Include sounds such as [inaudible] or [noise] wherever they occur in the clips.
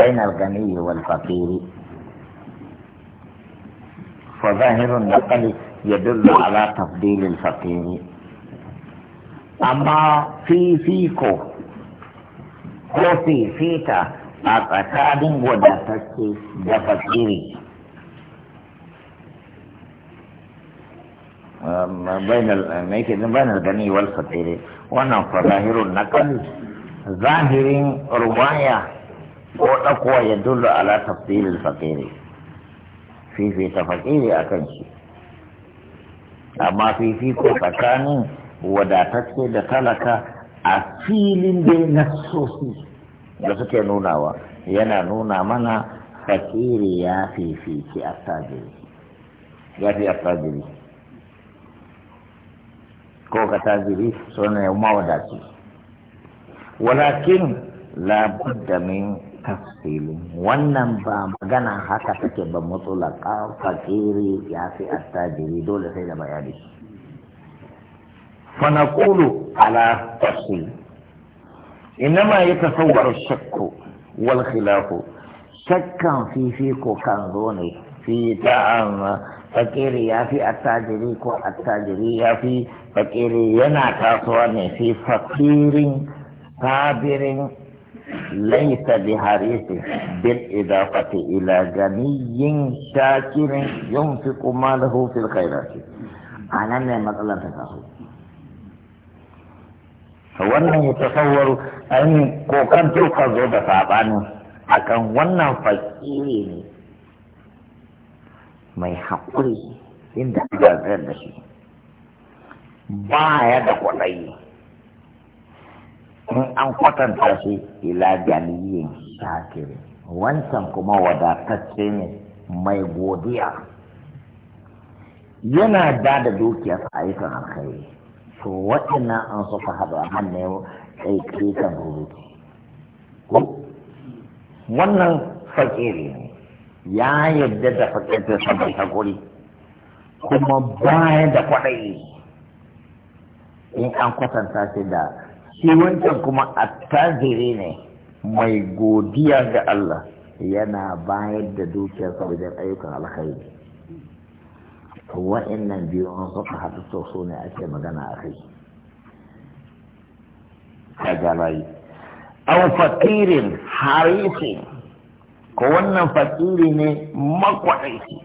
بين الغني والفقير فظاهر النقل يدل على تفضيل الفقير أما في فيكو هو في فيتا أقصاد ودفت دفقيري بين بين الغني والفقير وانا فظاهر النقل ظاهر روايه ko ɗakuwa ya dullu ala tafsirin fakiri fifita fakiri a kan shi amma ko tsakanin wadatacce da talaka a filin dai na sosi da suke nunawa yana nuna mana fakiri ya a attajiri ya fi attajiri ko ka tajiri suna yau mawadaci walakin da min tafsilin wannan ba magana haka take ba ka fakiri ya fi attajiri dole sai da bayani fanakulu ala tafsil ya yatasawwaru shakku wal khilafu shakkan fifi ko kan zo ne fi ta'am fakiri ya fi attajiri ko attajiri ya fi fakiri yana kasuwa ne fi fakirin tabirin laisa bi harisi bil idafati ila ganiyyin shakirin yunfiqu malahu fil khairati anan ne matsalar ta kasu wannan ya tasawwaru an kokan ka zo da sabani akan wannan fakiri ne mai haƙuri inda aka da shi Baya da kwaɗayi in an kwatanta shi ila jami'in shakiri wancan kuma wadatacce ne mai godiya yana ba da dukiyar ayyukan alkhairi to waɗannan an suka a hannun ya kan rubutu wannan fakiri ne ya yadda da fakirta saman guri kuma baya da kwaɗayi in an kwatanta shi da shi wancan kuma attajiri ne mai godiya ga Allah yana bayar da dukiyar wajen ayyukan alkhairi wa'annan biyu an suka haɗu to ne ake magana a kai kaga layi aw fakirin harisin ko wannan fakiri ne makwadaici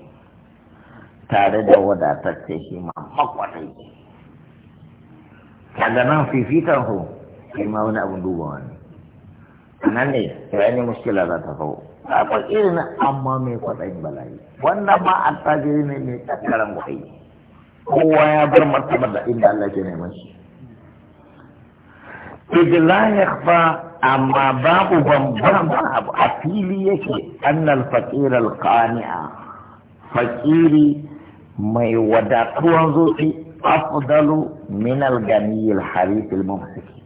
tare da wadatacce shi ma makwadaici kaga nan fifikan su shi ma wani abin duba wani nan ne ranar muskila za ta kawo a fakiri na amma mai kwaɗayin bala'i wannan ma an attajiri ne mai tsakarar kwaɗayi kowa ya bar martaba da inda Allah ke neman shi idla yakhfa amma babu bambam abu a fili yake annal faqir al qani'a faqiri mai wadatuwan zuci afdalu min al gani al harif al mumsiki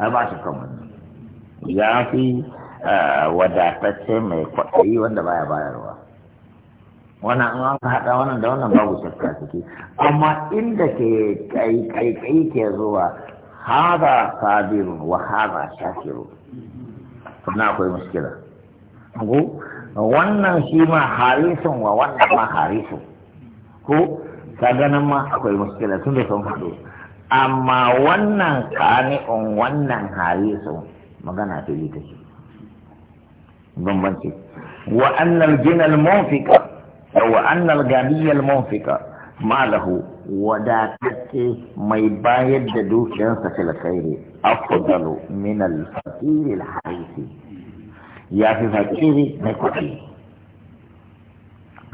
har ba su kan wannan ya fi wadatacce mai kwaɗayi wanda baya bayarwa wannan an an haɗa wannan da wannan babu shakka ciki amma inda ke kaikai ke zuwa haza sabiru wa haza shakiru na akwai muskila ku wannan shi ma harisun wa wannan ma harisun ko ta ganin ma akwai muskila tun da sun haɗu amma wannan kani'un wannan harisun magana ta yi ta take bambanci wa annal jinal munfika wa annal ganiyal munfika malahu wadatacce mai bayar da dukiyarsa fil khairi afdalu min al fakir al harisi ya fi fakiri mai kuɗi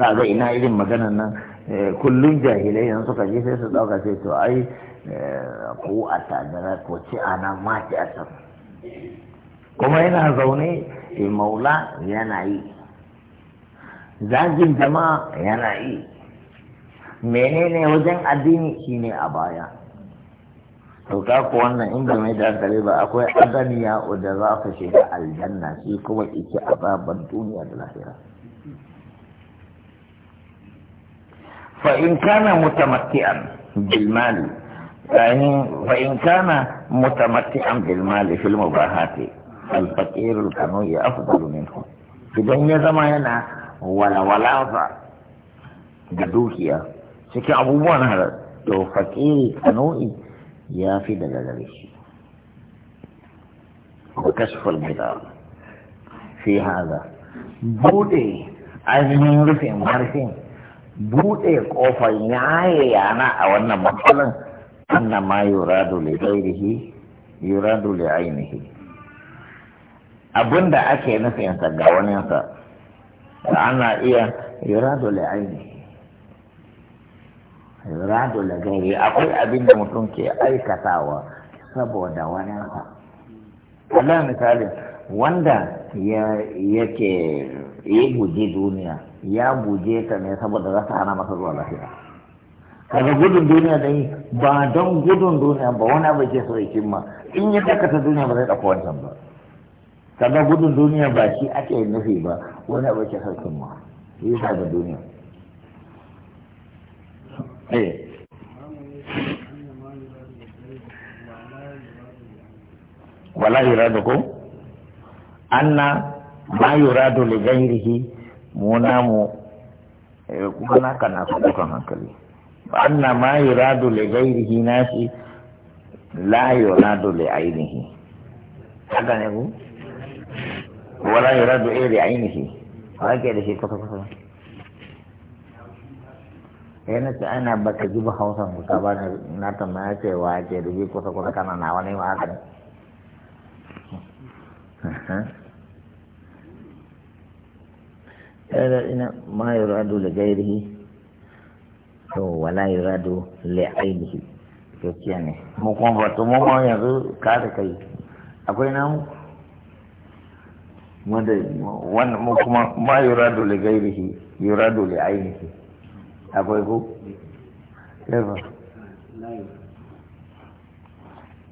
kaga ina irin maganar nan Eh, kullum jahilai yanzu suka je sai su dauka sai to ai eh, ku a tazara ko ci ana mace a can kuma yana zaune eh, maula yana yi zagin jama'a yana yi menene wajen addini shine a baya to ka ku wannan inda mai dankali ba akwai adaniya da za ka shiga aljanna shi kuma ike azaban duniya da lahira فإن كان متمتعا بالمال يعني فإن كان متمتعا بالمال في المباحات الفقير الكنوي أفضل منه في يا زمانا ولا ولا دوكيا سكي أبو هذا تو فقير kanu'i يا في دلاله وكشف shi في هذا بودي fi haza bude buɗe ƙofar yaye yana a wannan matsalan anna ma yura dole ghairihi yuradu li ainihi abinda ake nufin sa ga wani sa ana iya yura dole ainihi yura dole gari akwai abinda mutum ke aikatawa saboda wani sa Allah misali wanda yake ya guje duniya ya guje ta ne saboda za ta hana masa zuwa lafiya kaga gudun duniya dai ba don gudun duniya ba wani abu ke so ya cimma in ya dakata duniya ba zai dauko wancan ba kaga gudun duniya ba shi ake nufi ba wani abu ke so ya cimma shi yasa ga duniya eh. wala wala irada ko anna ma yuradu li ghairihi mu namu eh, kuma naka na su dukan hankali na ma yuradu li na shi la yuradu li ainihi ta ne ku wala yuradu eh li ainihi ba ke da shi kwata kwata eh, sai na ce ana baka ji ba hausan ku ta ba na tambaya ce wa ke da shi kusa kusa kana na wani ma haka ne [laughs] kaga ina ma yuradu li ghairihi to wala yuradu li ainihi to kiyane mu kuma ba to mu yanzu ka da kai akwai namu wanda mu kuma ma yuradu li ghairihi yuradu li ainihi akwai ku? yawa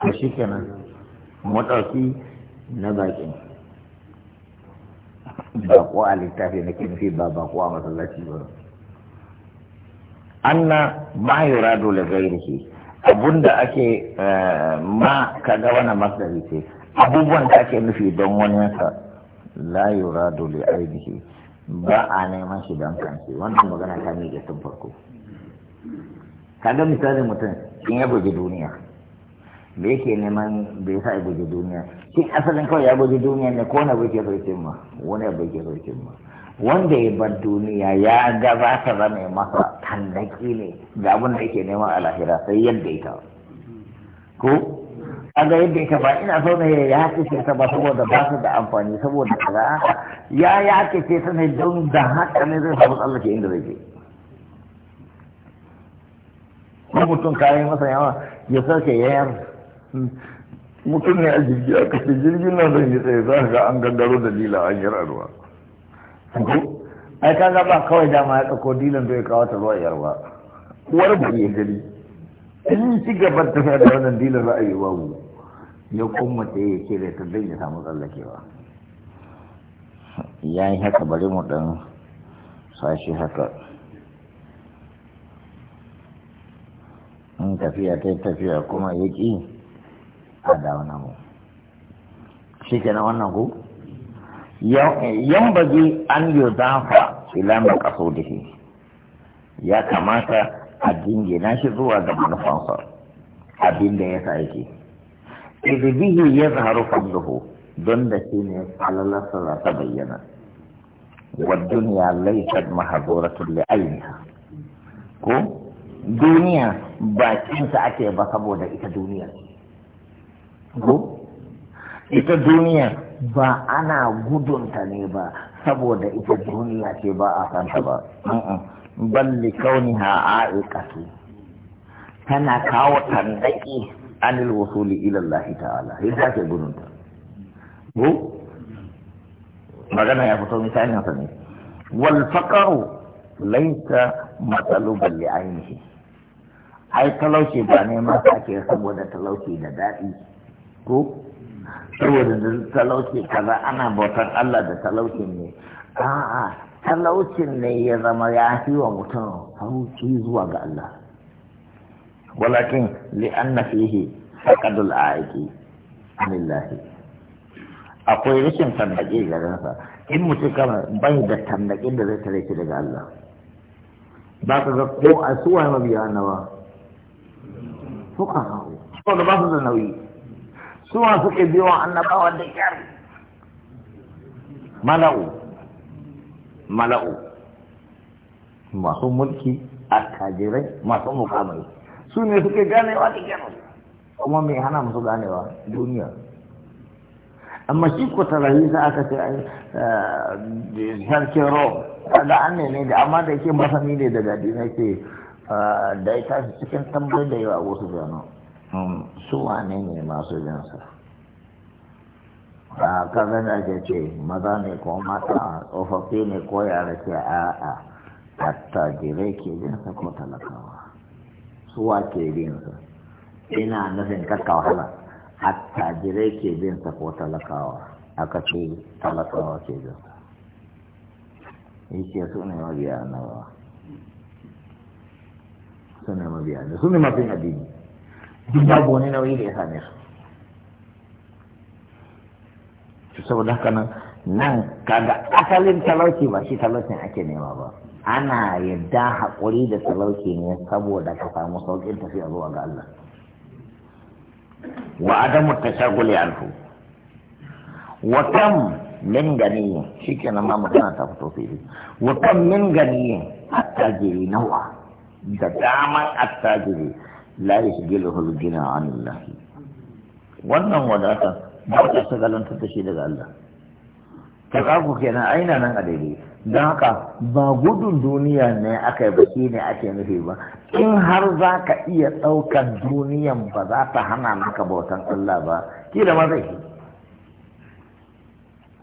to shikenan mu dauki na bakin bako a littafi na nake nufi ba bako a masallaci ba anna ma yuradu li abun abunda ake eh, ma kaga wani masdari ce abubuwan da ake nufi don wani yasa la yuradu li ainihi ba a neman shi don kanshi wannan magana ta miƙe tun farko kaga misalin mutum in ya bugi duniya da yake neman bai sa ya bugi duniya shi asalin kawai ya guji duniya ne ko na bai zai ma wani bai ke zai ma wanda ya bar duniya ya ga ba mai masa tallaki ne ga abin da yake nema a lahira sai yadda kawo ko ga yadda ya ba ina so ne ya ce ta ba saboda ba su da amfani saboda kaza ya ya ce ta ne don da haka ne zai samu tsallake inda zai je mutum kayan masa yawa ya sauke mutum ne a jirgi a kashe jirgin nan zai yi tsaye za ga an gangaro da dila an yi ruwa ai kaga ba kawai dama ya ɗauko dilan zai kawo ta zuwa yarwa uwar ba ya gani in ci gaba ta fiye da wannan dilan wa mu ya kuma ta yi ke da ta dai samu tsallakewa ya yi haka bari mu dan sashi haka in tafiya ta tafiya kuma ya ƙi a da wani mu shi ke wannan ku yan baji an yi zafa ila mai kaso da shi ya kamata a jingina shi zuwa ga manufansa abin da ya sa yake bihi ya zaharu fadluhu don da shi ne falalarsa za ta bayyana wa duniya laifar mahazoratun li'ainiha ko duniya bakinsa ake ba saboda ita duniyar ita duniya ba ana gudunta ne ba saboda ita duniya ce ba a santa ba balli kauniha a'iqatu tana kawo tandaki anil wasuli ila Allah ta'ala ita ce gudunta Go? magana ya fito misalin sa ne wal faqru laysa matsaluban ainihi ai talauci ba ne ma ake saboda talauci da daɗi ko saboda da talauci kaza ana bautar Allah da talaucin ne a'a talaucin ne ya zama ya fi wa mutum sauki zuwa ga Allah walakin li'anna fihi faqadul aiki lillahi akwai rashin tannake ga sa in mutum kama bai da tannake da zai tare shi daga Allah ba ka ga ko a suwa mabiya nawa fuka hau saboda ba su da nauyi suwa suke biyo annabawa da kyar mala'u mala'u masu mulki attajirai masu mukamai su ne suke ganewa da kyar kuma mai hana musu ganewa duniya amma shi ko tarayi za aka ce eh, sarkin ro da an ne da amma da yake masani ne daga dina ke eh, da ya tashi cikin tambayi da yawa wasu zanen su wane ne masu jinsa ba kazan ake ce maza ne ko mata tsofaffi ne ko a ce a'a attajirai ke jinsa ko talakawa su wa ke jinsa ina nufin kakka wahala attajirai ke jinsa ko talakawa aka ce talakawa ke binsa yake su ne mabiya nawa su ne mabiya ne su ne mafi addini duk babu wani nauyi da ya same su saboda haka nan nan kaga asalin talauci ba shi talaucin ake nema ba ana yadda haƙuri da talauci ne saboda ka samu sauƙin tafiya zuwa ga Allah wa adamu tashaguli alfu wa kam min ganiyin shikenan ma magana ta fito fili wa kam min ganiyin attajiri nawa da daman attajiri la yashghiluhu al-ghina 'an Allah wannan wadata ba ta shagalantar da shi daga Allah ta takaku kenan aina nan a daidai don haka ba gudun duniya ne aka yi baki ne ake nufi ba in har za ka iya ɗaukan duniyan ba za ta hana maka bautan Allah ba ki da ma zai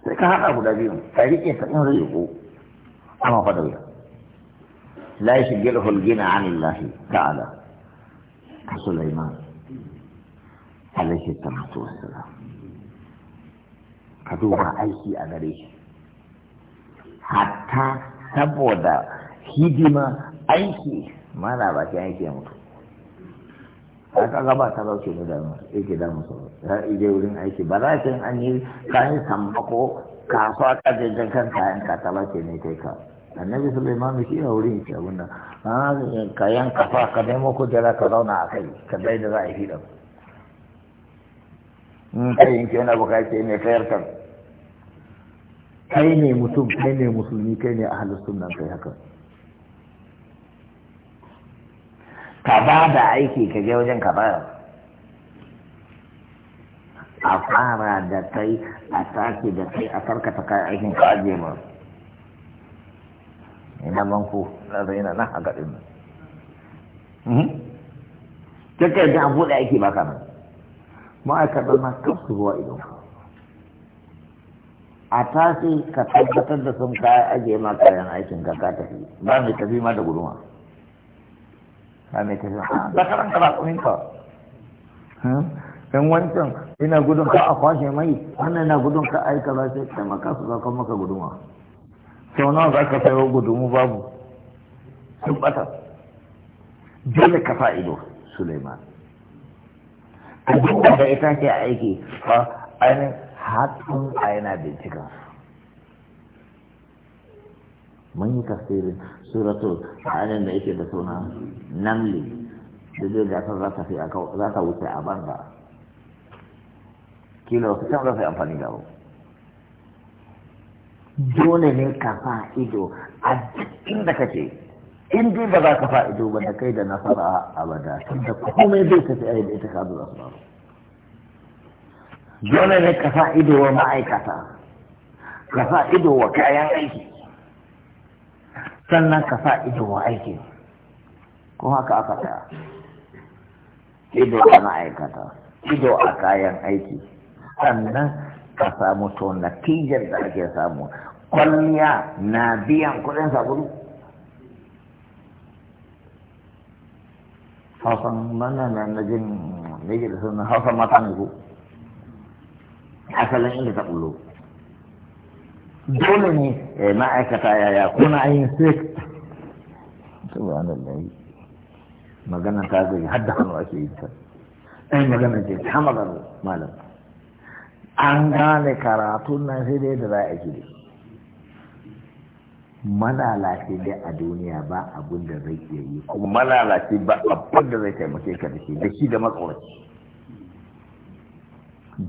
sai ka haɗa guda biyu ka riƙe ta in riƙo amma fa da wuya la yashghiluhu al-ghina 'an Allah ta'ala Sulaiman alaihi salatu wassalam ka duba aiki a gare shi hatta saboda hidima aiki ma ba baki aiki ya mutu a ka gaba ta rauke ne da yake da musu ya ije wurin aiki ba za ka an yi kayan sambako kasuwa kajejjen kan kayan ka talauke ne kai ka annabi suleiman shi ya wurin yake abin nan ah, ka yanka ka nemo kujera ka zauna a kai ka dai da za a yi hidan in kai yanke wani abu ce mai kai ne mutum kai ne musulmi kai ne ahalus sunnan kai haka ka ba da aiki ka je wajen ka a fara da kai a sake da kai a karkata kayan aikin ka ajiye ba daban ku na zai na nan a gaɗin nan mhm. kakkai da abu da ake baka nan ma'aikatar na kafin su zuwa idan a tashi ka tabbatar da sun kayan ajiye ma kayan aikin ka ka tafi ba mai tafi ma da guduma ba mai tafi ma ah, da karan kara kumin ka hmm? dan wancan ina gudun ka a kwashe mai wannan na gudun ka aika ba sai ka maka su zaka maka guduma sau nawa za ka sayo gudumu babu sun bata dole ka sa ido suleiman a duk da ita ke aiki fa ainihin hatsun a yana binciken mun yi tafsirin suratu ainihin da yake da suna namli da zai gasar za ta fi za ta wuce a banda kila wasu can za su yi amfani da abu dole ne ka fa ido a cikin da kake in dai ba za ka fa ido ba da kai da nasara a abada tunda komai zai ka a da ita ka zuwa su dole ne ka sa ido wa ma'aikata ka sa ido wa kayan aiki sannan ka sa ido wa aiki ko haka aka tsaya ido a ma'aikata ido a kayan aiki sannan ka samu to natijar da ake samu kwalliya na biyan kuɗin sabulu hausan mana na na jin nake da sunan hausan mata ne ko asalin inda ta ɓullo dole ne eh, ma'aikata yaya kuna yin sai subhanallahi magana ta zai har da hannu ake ta ɗan magana ce ta magana malam an gane karatu nan sai dai da za a kiri malalace dai a duniya ba abin da zai iya yi kuma malalace ba abin da zai taimake ka da shi da shi da matsoraci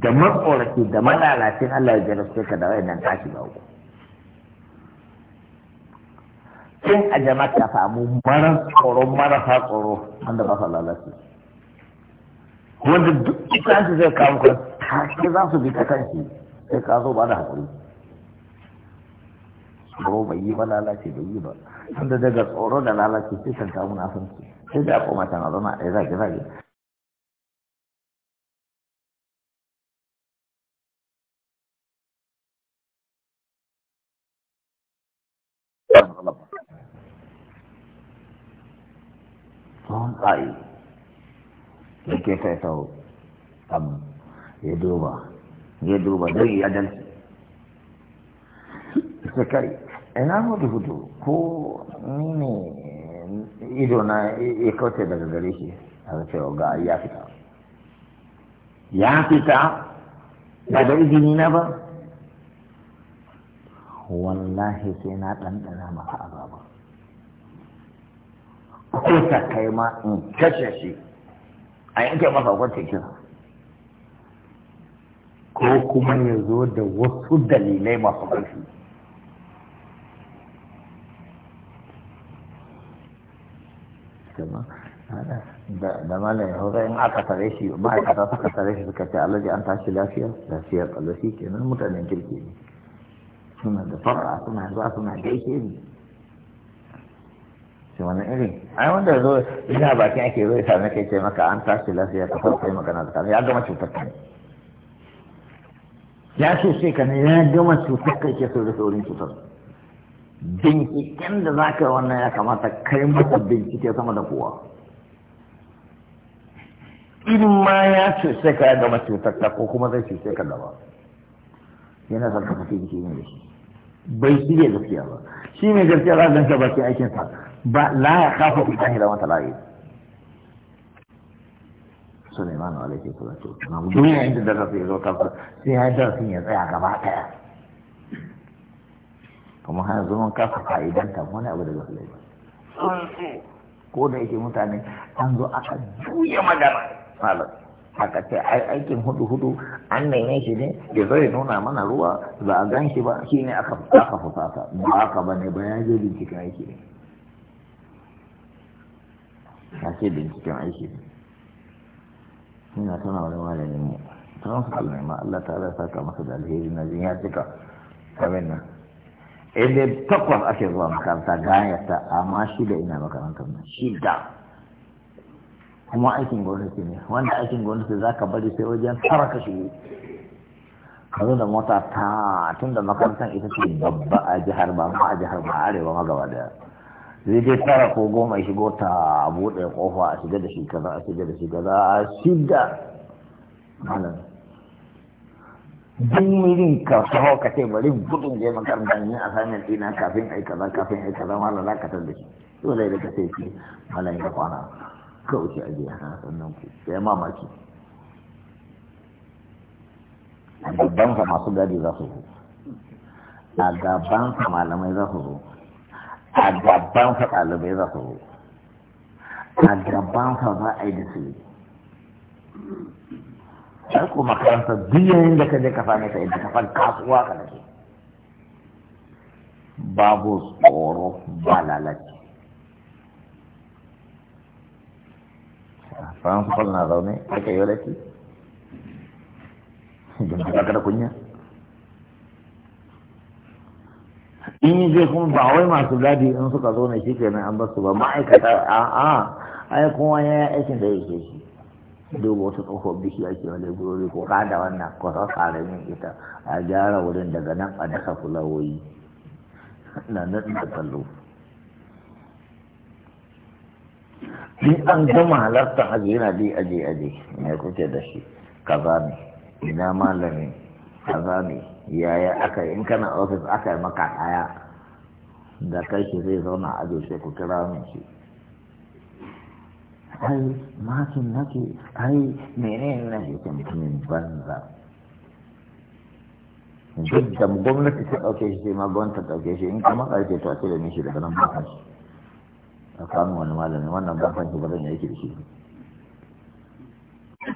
da matsoraci da malalacin Allah ya jarabce ka da wayannan tashi ba uku kin a jama'a ka samu mara tsoro mara marasa tsoro wanda ba sa lalace wanda duk ita zai kawo ka take za su bi ta kanki sai ka zo ba da hakuri. tsoro bai yi ba lalace bai yi ba tunda daga tsoro da lalace sai kan kawo na san sai da koma tana zama a zage zage da ke kai sau ya duba ya duba don yi adalci ce kai ina hudu hudu ko ni ne ido na ya kauce daga gare shi a ce ga ya fita ya fita ba da izini na ba wallahi sai na ɗanɗana maka azaba ko ta kai ma in kashe shi a yanke masa wacce kira ko kuma ya zo da wasu dalilai masu ƙarfi da malam ya hura in aka tare shi ma'aikata suka tare shi suka ce alaji an tashi lafiya lafiyar ke kenan mutanen kirki ne suna da fara suna zuwa suna gaishe ne shi wani iri ai wanda zo ina bakin ake zo ya same kai ce maka an tashi lafiya ka farko yi magana da kanu ya gama cutar ka ne ya so sai ka ne ya gama cutar kai ke so da saurin cutar binciken da za ka yi wannan ya kamata kai masa bincike sama da kowa in ma ya sai ka ya gama cutar ta ko kuma zai sai ka gaba yana da ka fita jiki ne da shi bai shi ne gaskiya ba shi ne gaskiya za a ganka ba sai aikin sa ba la ya kafa ku tahira wata la'i Sulaiman alaihi salatu wasalam duniya inda da zai zo kansa sai ya da sun ya tsaya gaba daya kuma har zaman kafa fa'idan ta wani abu da zai ko da yake mutane an zo aka juya magana malam haka ce ai aikin hudu hudu an neme shi ne da zai nuna mana ruwa ba a gan shi ba shi ne aka aka fusata ba aka ba ne ba ya je binciken aiki ne ya ce binciken aiki ne ina tana wani malamin mu tana su kalmai ma Allah ta zai saka masa da alheri na jin ya cika abin nan inda takwas ake zuwa makaranta gayata amma da ina makarantar nan shida kuma aikin gwamnati ne wanda aikin gwamnati za ka bari sai wajen tara ka shigo ka zo da mota ta tun da makarantar ita ce babba a jihar ba ma a jihar ba arewa ma gaba daya zai dai tara ko goma ya shigo ta buɗe kofa a shiga da shi kaza a shiga da shi kaza a shiga malam din miri ka taho ka ce bari gudun je makarantar ne a sanin dina kafin ai kaza kafin ai kaza malam za ka tar da shi dole da ka ce shi malam ya kwana kawai a je haka sannan ku sai mamaki a gabansa masu gadi za su zo a gabansa malamai za su zo a gabansa ɗalibai za su zo a gabansa za a yi da su yi sai ko makaranta biyayen da ka je ka same ta inda ka fara kasuwa ka nake babu tsoro ba lalace faran kufal na zaune aka yi walaki don ka kada kunya in yi je kuma ba wai masu gadi in suka zo ne shi kenan an basu ba ma'aikata a a ai kuma ya yi aikin da yake shi duba wata tsohuwar biki ake wale gurori ko kada wannan ko sa min ita a gyara wurin daga nan a dasa fulawoyi na nan da kallo in an gama halarta haji yana bi aje aje me kuke da shi kaza ne ina malami kaza ne yaya aka in kana ofis aka yi maka aya da kai shi zai zauna a sai ku kira min shi ai makin nake ai menene na shi mutumin banza duk da gwamnati ta ɗauke shi sai ma gwamnati ta ɗauke shi in kama ƙarfe ta ce da nishi daga nan ba shi a samu wani malami wannan ban shi ba zan yake da shi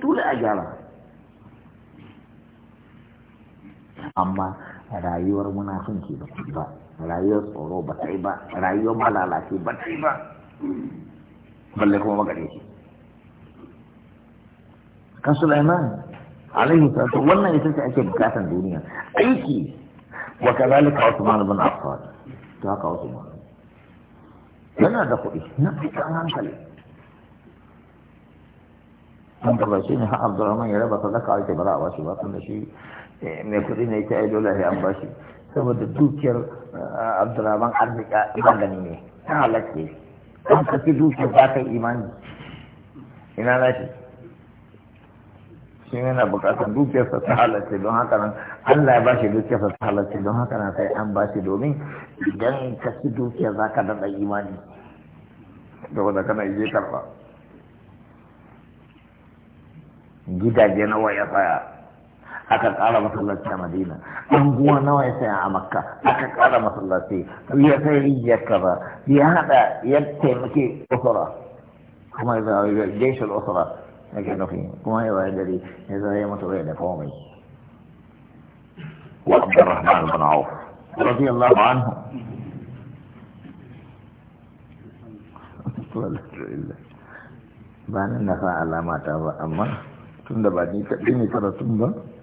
dole a gyara amma rayuwar muna son ta da ba rayuwar tsoro ba ta yi ba rayuwar malalace ba ta yi ba balle kuma magare shi kan Sulaiman alaihi salatu wannan ita ce ake bukatan duniya aiki wa kazalika Usman ibn Affan to haka Usman yana da kuɗi na fitan hankali an ba shi ne har abdurrahman ya raba ta zaka ba bara a bashi ba da shi eh, mai kuɗi ne ta yi dole sai an bashi saboda dukiyar eh, abdurrahman arziki magani ne ta halatta an kafi dukiyar ba ta imani ina na shi shi yana bukatar sa ta halatta don haka nan Allah ya ba shi dukiya sa halarci don haka na sai an ba shi domin idan ka ci dukiya za ka daɗa imani da wanda kana je karɓa gidaje nawa ya tsaya aka ƙara masallaci a madina anguwa nawa ya tsaya a makka aka ƙara masallaci ya sai rijiyar kaza ya haɗa ya taimake usura kuma ya zai jaishar usura ya nufi kuma ya waye gari ya zai mutu bai da komai وعبد الرحمن بن عوف رضي الله عنه ba nan na sa alamata ba amma tun da ba ni kaɗai ne karatun ba